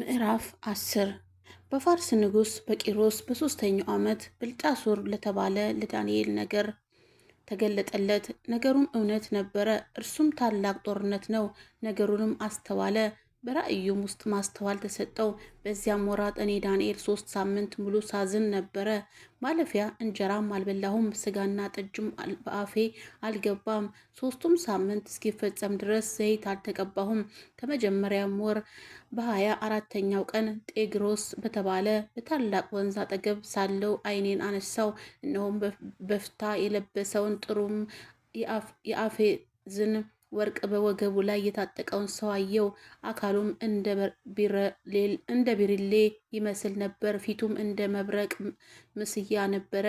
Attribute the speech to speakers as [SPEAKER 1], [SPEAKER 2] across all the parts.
[SPEAKER 1] ምዕራፍ አስር በፋርስ ንጉሥ በቂሮስ በሦስተኛው ዓመት ብልጣሶር ለተባለ ለዳንኤል ነገር ተገለጠለት። ነገሩም እውነት ነበረ። እርሱም ታላቅ ጦርነት ነው። ነገሩንም አስተዋለ። በራእዩም ውስጥ ማስተዋል ተሰጠው። በዚያም ወራት እኔ ዳንኤል ሶስት ሳምንት ሙሉ ሳዝን ነበረ። ማለፊያ እንጀራም አልበላሁም፣ ስጋና ጠጅም በአፌ አልገባም። ሶስቱም ሳምንት እስኪፈጸም ድረስ ዘይት አልተቀባሁም። ከመጀመሪያም ወር በሀያ አራተኛው ቀን ጤግሮስ በተባለ በታላቅ ወንዝ አጠገብ ሳለው አይኔን አነሳው። እነሆም በፍታ የለበሰውን ጥሩም የአፌ ዝን ወርቅ በወገቡ ላይ የታጠቀውን ሰው አየው። አካሉም እንደ ቢሪሌ ይመስል ነበር። ፊቱም እንደ መብረቅ ምስያ ነበረ።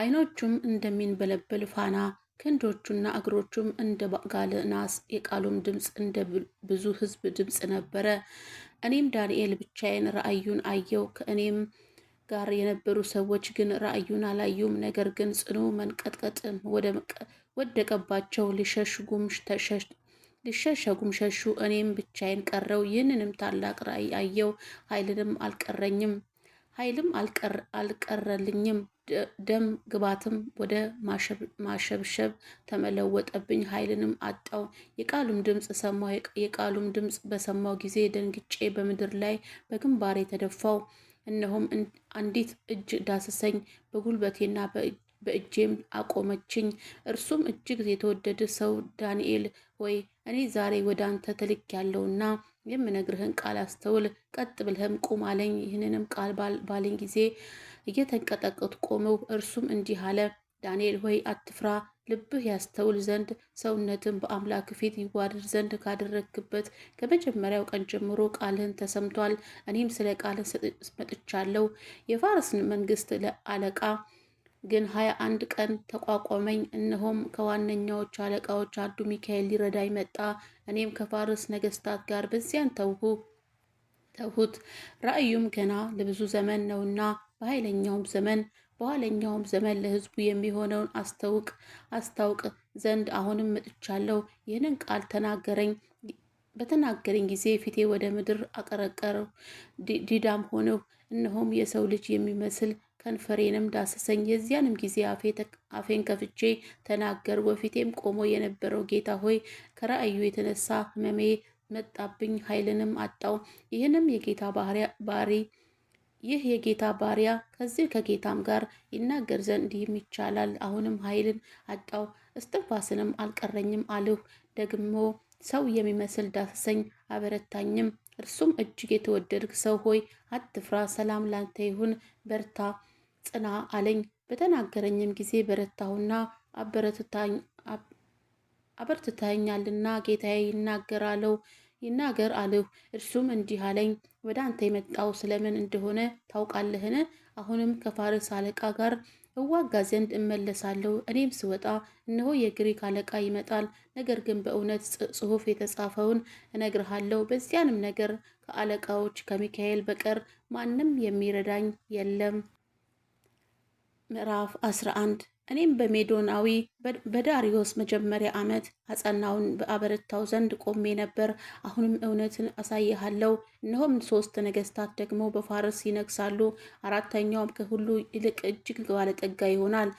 [SPEAKER 1] አይኖቹም እንደሚንበለበል ፋና፣ ክንዶቹና እግሮቹም እንደ ባጋለ ናስ፣ የቃሉም ድምፅ እንደ ብዙ ሕዝብ ድምፅ ነበረ። እኔም ዳንኤል ብቻዬን ራእዩን አየው። ከእኔም ጋር የነበሩ ሰዎች ግን ራእዩን አላዩም። ነገር ግን ጽኑ መንቀጥቀጥ ወደ ወደቀባቸው። ሊሸሸጉም ሸሹ። እኔም ብቻዬን ቀረው። ይህንንም ታላቅ ራእይ አየው። ኃይልንም አልቀረኝም ኃይልም አልቀረልኝም። ደም ግባትም ወደ ማሸብሸብ ተመለወጠብኝ። ኃይልንም አጣው። የቃሉም ድምፅ ሰማው። የቃሉም ድምፅ በሰማው ጊዜ ደንግጬ በምድር ላይ በግንባሬ ተደፋው። እነሆም አንዲት እጅ ዳሰሰኝ። በጉልበቴና በእጄም አቆመችኝ። እርሱም እጅግ የተወደደ ሰው ዳንኤል ሆይ እኔ ዛሬ ወደ አንተ ተልክ ያለውና የምነግርህን ቃል አስተውል፣ ቀጥ ብለህም ቁም አለኝ። ይህንንም ቃል ባለኝ ጊዜ እየተንቀጠቀት ቆመው፣ እርሱም እንዲህ አለ ዳንኤል ሆይ አትፍራ፣ ልብህ ያስተውል ዘንድ ሰውነትን በአምላክ ፊት ይዋደድ ዘንድ ካደረግክበት ከመጀመሪያው ቀን ጀምሮ ቃልህን ተሰምቷል። እኔም ስለ ቃልህ መጥቻለሁ። የፋርስን መንግስት ለአለቃ ግን ሀያ አንድ ቀን ተቋቋመኝ። እነሆም ከዋነኛዎቹ አለቃዎች አንዱ ሚካኤል ሊረዳኝ መጣ። እኔም ከፋርስ ነገስታት ጋር በዚያን ተውሁ ተውሁት። ራእዩም ገና ለብዙ ዘመን ነውና በኃይለኛውም ዘመን በኋለኛውም ዘመን ለህዝቡ የሚሆነውን አስታውቅ አስታውቅ ዘንድ አሁንም መጥቻለሁ። ይህንን ቃል ተናገረኝ። በተናገረኝ ጊዜ ፊቴ ወደ ምድር አቀረቀረው፣ ዲዳም ሆነው እነሆም የሰው ልጅ የሚመስል ከንፈሬንም ዳሰሰኝ። የዚያንም ጊዜ አፌን ከፍቼ ተናገር። በፊቴም ቆሞ የነበረው ጌታ ሆይ ከራእዩ የተነሳ ህመሜ መጣብኝ፣ ኃይልንም አጣው። ይህንም የጌታ ባሪ ይህ የጌታ ባሪያ ከዚህ ከጌታም ጋር ይናገር ዘንድ እንዲህም ይቻላል። አሁንም ኃይልን አጣው፣ እስትንፋስንም አልቀረኝም አልሁ። ደግሞ ሰው የሚመስል ዳሰሰኝ፣ አበረታኝም። እርሱም እጅግ የተወደድክ ሰው ሆይ አትፍራ፣ ሰላም ላንተ ይሁን፣ በርታ ጽና አለኝ። በተናገረኝም ጊዜ በረታሁና አበርትታኛልና ጌታዬ ይናገራለሁ ይናገር አልሁ። እርሱም እንዲህ አለኝ፣ ወደ አንተ የመጣው ስለምን እንደሆነ ታውቃለህን? አሁንም ከፋርስ አለቃ ጋር እዋጋ ዘንድ እመለሳለሁ። እኔም ስወጣ እነሆ የግሪክ አለቃ ይመጣል። ነገር ግን በእውነት ጽሑፍ የተጻፈውን እነግርሃለሁ። በዚያንም ነገር ከአለቃዎች ከሚካኤል በቀር ማንም የሚረዳኝ የለም። ምዕራፍ 11 እኔም በሜዶናዊ በዳሪዮስ መጀመሪያ ዓመት አጸናውን በአበረታው ዘንድ ቆሜ ነበር። አሁንም እውነትን አሳይሃለሁ። እነሆም ሶስት ነገስታት ደግሞ በፋርስ ይነግሳሉ። አራተኛውም ከሁሉ ይልቅ እጅግ ባለጠጋ ይሆናል።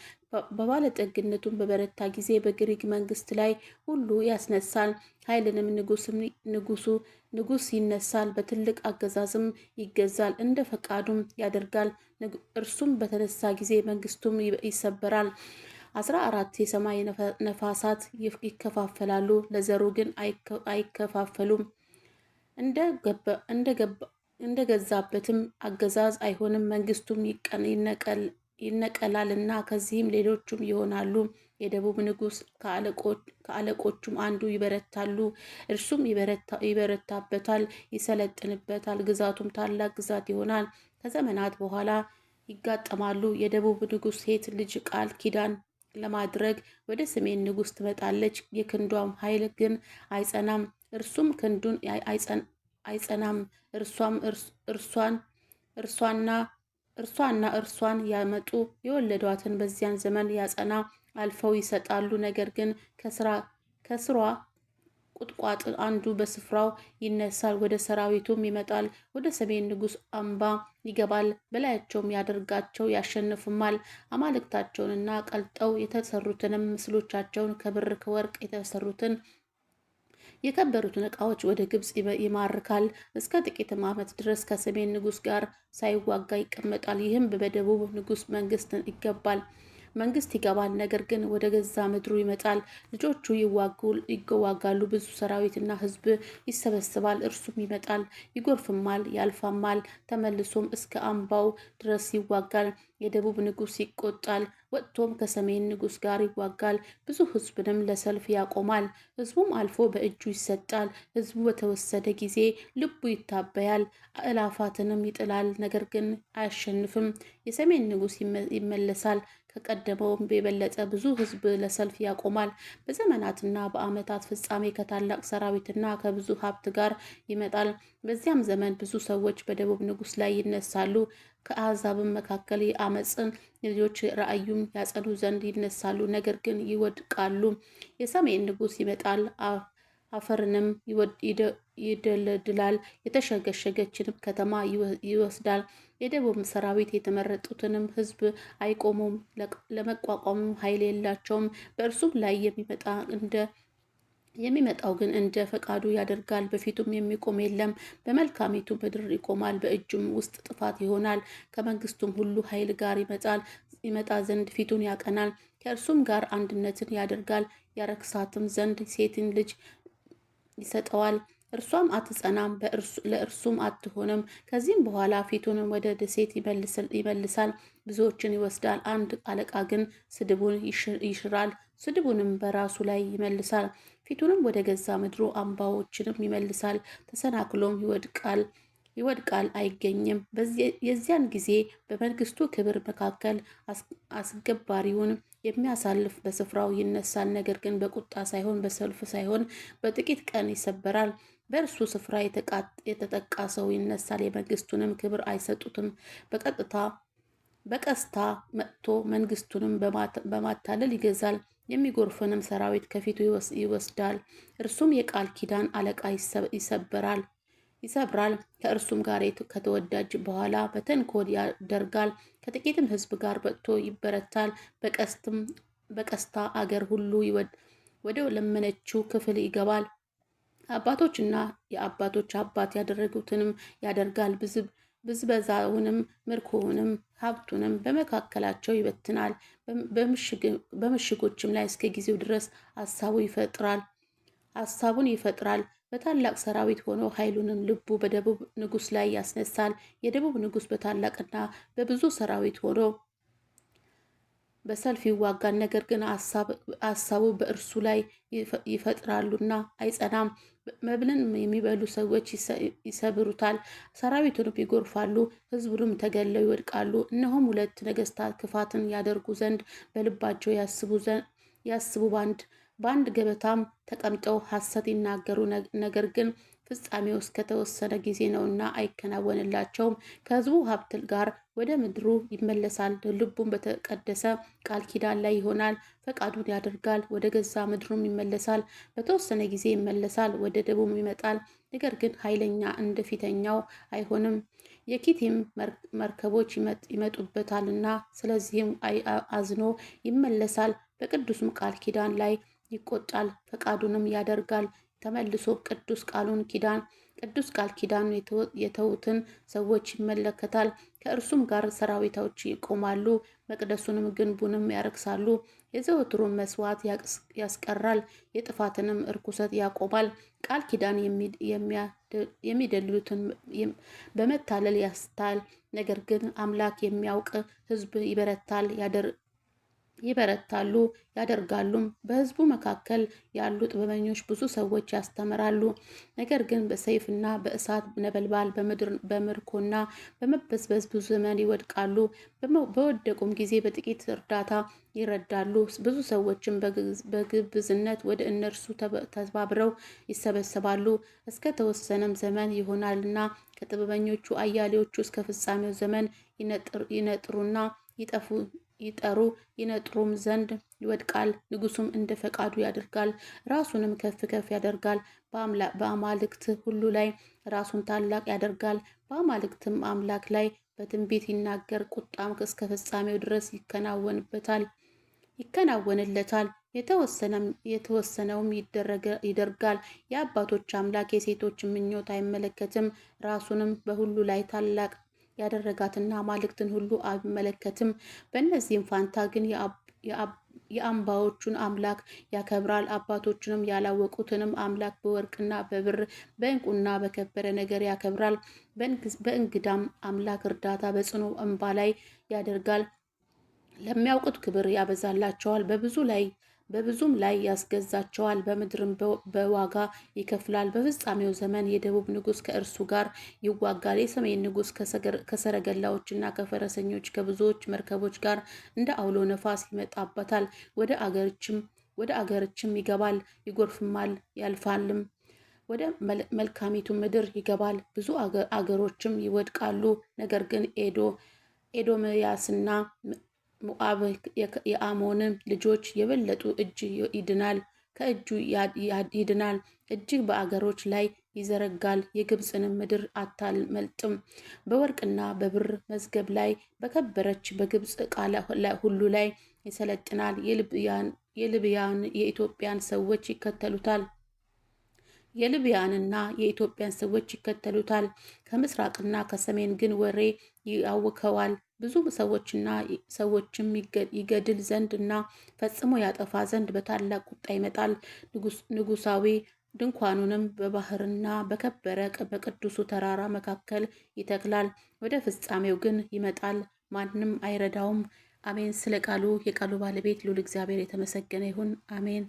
[SPEAKER 1] በባለጠግነቱን በበረታ ጊዜ በግሪክ መንግስት ላይ ሁሉ ያስነሳል። ኃይልንም ንጉሱ ንጉስ ይነሳል፣ በትልቅ አገዛዝም ይገዛል፣ እንደ ፈቃዱም ያደርጋል። እርሱም በተነሳ ጊዜ መንግስቱም ይሰበራል። አስራ አራት የሰማይ ነፋሳት ይከፋፈላሉ፣ ለዘሩ ግን አይከፋፈሉም። እንደ ገዛበትም አገዛዝ አይሆንም፣ መንግስቱም ይነቀላልና ከዚህም ሌሎቹም ይሆናሉ። የደቡብ ንጉስ ከአለቆቹም አንዱ ይበረታሉ፣ እርሱም ይበረታበታል፣ ይሰለጥንበታል፣ ግዛቱም ታላቅ ግዛት ይሆናል። ከዘመናት በኋላ ይጋጠማሉ። የደቡብ ንጉስ ሴት ልጅ ቃል ኪዳን ለማድረግ ወደ ሰሜን ንጉስ ትመጣለች፣ የክንዷም ኃይል ግን አይጸናም፣ እርሱም ክንዱን አይጸናም። እርሷም እርሷን እርሷና እርሷና እርሷን ያመጡ የወለዷትን በዚያን ዘመን ያጸና አልፈው ይሰጣሉ። ነገር ግን ከስሯ ቁጥቋጥ አንዱ በስፍራው ይነሳል፣ ወደ ሰራዊቱም ይመጣል፣ ወደ ሰሜን ንጉሥ አምባ ይገባል፣ በላያቸውም ያደርጋቸው ያሸንፍማል። አማልክታቸውንና ቀልጠው የተሰሩትንም ምስሎቻቸውን ከብር ከወርቅ የተሰሩትን የከበሩትን ዕቃዎች ወደ ግብፅ ይማርካል። እስከ ጥቂትም ዓመት ድረስ ከሰሜን ንጉሥ ጋር ሳይዋጋ ይቀመጣል። ይህም በደቡብ ንጉሥ መንግስትን ይገባል። መንግስት ይገባል፣ ነገር ግን ወደ ገዛ ምድሩ ይመጣል። ልጆቹ ይዋጋሉ፣ ብዙ ሰራዊትና ህዝብ ይሰበስባል። እርሱም ይመጣል፣ ይጎርፍማል፣ ያልፋማል፣ ተመልሶም እስከ አምባው ድረስ ይዋጋል። የደቡብ ንጉስ ይቆጣል፣ ወጥቶም ከሰሜን ንጉስ ጋር ይዋጋል። ብዙ ህዝብንም ለሰልፍ ያቆማል። ህዝቡም አልፎ በእጁ ይሰጣል። ህዝቡ በተወሰደ ጊዜ ልቡ ይታበያል፣ እላፋትንም ይጥላል፣ ነገር ግን አያሸንፍም። የሰሜን ንጉስ ይመለሳል፣ ከቀደመውም የበለጠ ብዙ ሕዝብ ለሰልፍ ያቆማል። በዘመናትና በዓመታት ፍጻሜ ከታላቅ ሰራዊትና ከብዙ ሀብት ጋር ይመጣል። በዚያም ዘመን ብዙ ሰዎች በደቡብ ንጉሥ ላይ ይነሳሉ። ከአሕዛብም መካከል የአመፅን ልጆች ራእዩም ያጸዱ ዘንድ ይነሳሉ፣ ነገር ግን ይወድቃሉ። የሰሜን ንጉሥ ይመጣል አፈርንም ይደለድላል፣ የተሸገሸገችንም ከተማ ይወስዳል። የደቡብ ሰራዊት የተመረጡትንም ህዝብ አይቆሙም፣ ለመቋቋምም ኃይል የላቸውም። በእርሱም ላይ የሚመጣ እንደ የሚመጣው ግን እንደ ፈቃዱ ያደርጋል። በፊቱም የሚቆም የለም። በመልካሚቱ ምድር ይቆማል፣ በእጁም ውስጥ ጥፋት ይሆናል። ከመንግስቱም ሁሉ ኃይል ጋር ይመጣል ይመጣ ዘንድ ፊቱን ያቀናል። ከእርሱም ጋር አንድነትን ያደርጋል፣ ያረክሳትም ዘንድ ሴትን ልጅ ይሰጠዋል። እርሷም አትጸናም፣ ለእርሱም አትሆንም። ከዚህም በኋላ ፊቱንም ወደ ደሴት ይመልሳል፣ ብዙዎችን ይወስዳል። አንድ አለቃ ግን ስድቡን ይሽራል፣ ስድቡንም በራሱ ላይ ይመልሳል። ፊቱንም ወደ ገዛ ምድሩ አምባዎችንም ይመልሳል። ተሰናክሎም ይወድቃል ይወድቃል አይገኝም። የዚያን ጊዜ በመንግስቱ ክብር መካከል አስገባሪውን የሚያሳልፍ በስፍራው ይነሳል። ነገር ግን በቁጣ ሳይሆን በሰልፍ ሳይሆን በጥቂት ቀን ይሰበራል። በእርሱ ስፍራ የተጠቃ ሰው ይነሳል። የመንግስቱንም ክብር አይሰጡትም። በቀጥታ በቀስታ መጥቶ መንግስቱንም በማታለል ይገዛል። የሚጎርፍንም ሰራዊት ከፊቱ ይወስዳል። እርሱም የቃል ኪዳን አለቃ ይሰበራል። ይሰብራል። ከእርሱም ጋር ከተወዳጅ በኋላ በተንኮል ያደርጋል። ከጥቂትም ህዝብ ጋር በቅቶ ይበረታል። በቀስትም በቀስታ አገር ሁሉ ወደ ለመነችው ክፍል ይገባል። አባቶችና የአባቶች አባት ያደረጉትንም ያደርጋል። ብዝበዛውንም ምርኮውንም ሀብቱንም በመካከላቸው ይበትናል። በምሽጎችም ላይ እስከ ጊዜው ድረስ ሀሳቡ ይፈጥራል ሀሳቡን ይፈጥራል። በታላቅ ሰራዊት ሆኖ ኃይሉንም ልቡ በደቡብ ንጉሥ ላይ ያስነሳል። የደቡብ ንጉሥ በታላቅና በብዙ ሰራዊት ሆኖ በሰልፍ ይዋጋል። ነገር ግን ሀሳቡ በእርሱ ላይ ይፈጥራሉና አይጸናም። መብልን የሚበሉ ሰዎች ይሰብሩታል፣ ሰራዊቱንም ይጎርፋሉ፣ ህዝቡንም ተገለው ይወድቃሉ። እነሆም ሁለት ነገስታት ክፋትን ያደርጉ ዘንድ በልባቸው ያስቡ ባንድ። በአንድ ገበታም ተቀምጠው ሐሰት ይናገሩ፣ ነገር ግን ፍጻሜው እስከተወሰነ ጊዜ ነውና አይከናወንላቸውም። ከህዝቡ ሀብት ጋር ወደ ምድሩ ይመለሳል። ልቡም በተቀደሰ ቃል ኪዳን ላይ ይሆናል። ፈቃዱን ያደርጋል። ወደ ገዛ ምድሩም ይመለሳል። በተወሰነ ጊዜ ይመለሳል፣ ወደ ደቡብም ይመጣል። ነገር ግን ኃይለኛ እንደ ፊተኛው አይሆንም። የኪቲም መርከቦች ይመጡበታልና፣ ስለዚህም አዝኖ ይመለሳል። በቅዱስም ቃል ኪዳን ላይ ይቆጣል ፈቃዱንም ያደርጋል። ተመልሶ ቅዱስ ቃሉን ኪዳን ቅዱስ ቃል ኪዳን የተዉትን ሰዎች ይመለከታል። ከእርሱም ጋር ሰራዊቶች ይቆማሉ፣ መቅደሱንም ግንቡንም ያረክሳሉ። የዘወትሩን መስዋዕት ያስቀራል፣ የጥፋትንም እርኩሰት ያቆማል። ቃል ኪዳን የሚደልሉትን በመታለል ያስታል። ነገር ግን አምላክ የሚያውቅ ሕዝብ ይበረታል፣ ይበረታሉ ያደርጋሉም። በህዝቡ መካከል ያሉ ጥበበኞች ብዙ ሰዎች ያስተምራሉ። ነገር ግን በሰይፍና በእሳት ነበልባል በምርኮና በመበዝበዝ ብዙ ዘመን ይወድቃሉ። በወደቁም ጊዜ በጥቂት እርዳታ ይረዳሉ። ብዙ ሰዎችም በግብዝነት ወደ እነርሱ ተባብረው ይሰበሰባሉ። እስከ ተወሰነም ዘመን ይሆናልና ከጥበበኞቹ አያሌዎቹ እስከ ፍጻሜው ዘመን ይነጥሩና ይጠፉ ይጠሩ ይነጥሩም ዘንድ ይወድቃል። ንጉሱም እንደ ፈቃዱ ያደርጋል፣ ራሱንም ከፍ ከፍ ያደርጋል። በአማልክት ሁሉ ላይ ራሱን ታላቅ ያደርጋል። በአማልክትም አምላክ ላይ በትንቢት ይናገር። ቁጣም እስከ ፍጻሜው ድረስ ይከናወንበታል ይከናወንለታል። የተወሰነውም ይደርጋል። የአባቶች አምላክ የሴቶች ምኞት አይመለከትም። ራሱንም በሁሉ ላይ ታላቅ ያደረጋትና አማልክትን ሁሉ አይመለከትም። በእነዚህም ፋንታ ግን የአምባዎቹን አምላክ ያከብራል። አባቶቹንም ያላወቁትንም አምላክ በወርቅና በብር በእንቁና በከበረ ነገር ያከብራል። በእንግዳም አምላክ እርዳታ በጽኑ እንባ ላይ ያደርጋል። ለሚያውቁት ክብር ያበዛላቸዋል። በብዙ ላይ በብዙም ላይ ያስገዛቸዋል፣ በምድርም በዋጋ ይከፍላል። በፍጻሜው ዘመን የደቡብ ንጉሥ ከእርሱ ጋር ይዋጋል። የሰሜን ንጉሥ ከሰረገላዎችና ከፈረሰኞች ከብዙዎች መርከቦች ጋር እንደ አውሎ ነፋስ ይመጣበታል። ወደ አገርችም ወደ አገርችም ይገባል፣ ይጎርፍማል፣ ያልፋልም። ወደ መልካሚቱ ምድር ይገባል። ብዙ አገሮችም ይወድቃሉ። ነገር ግን ኤዶ ኤዶምያስና ሞአብ የአሞን ልጆች የበለጡ እጅ ይድናል ከእጁ ይድናል፣ እጅግ በአገሮች ላይ ይዘረጋል። የግብፅንም ምድር አታመልጥም። በወርቅና በብር መዝገብ ላይ በከበረች በግብፅ ዕቃ ሁሉ ላይ ይሰለጥናል። የልብያን የኢትዮጵያን ሰዎች ይከተሉታል። የልብያንና የኢትዮጵያን ሰዎች ይከተሉታል። ከምስራቅና ከሰሜን ግን ወሬ ያውከዋል። ብዙ ሰዎችና ሰዎችም ይገድል ዘንድ እና ፈጽሞ ያጠፋ ዘንድ በታላቅ ቁጣ ይመጣል። ንጉሳዊ ድንኳኑንም በባህርና በከበረ በቅዱሱ ተራራ መካከል ይተክላል። ወደ ፍጻሜው ግን ይመጣል፣ ማንም አይረዳውም። አሜን። ስለ ቃሉ የቃሉ ባለቤት ልዑል እግዚአብሔር የተመሰገነ ይሁን። አሜን።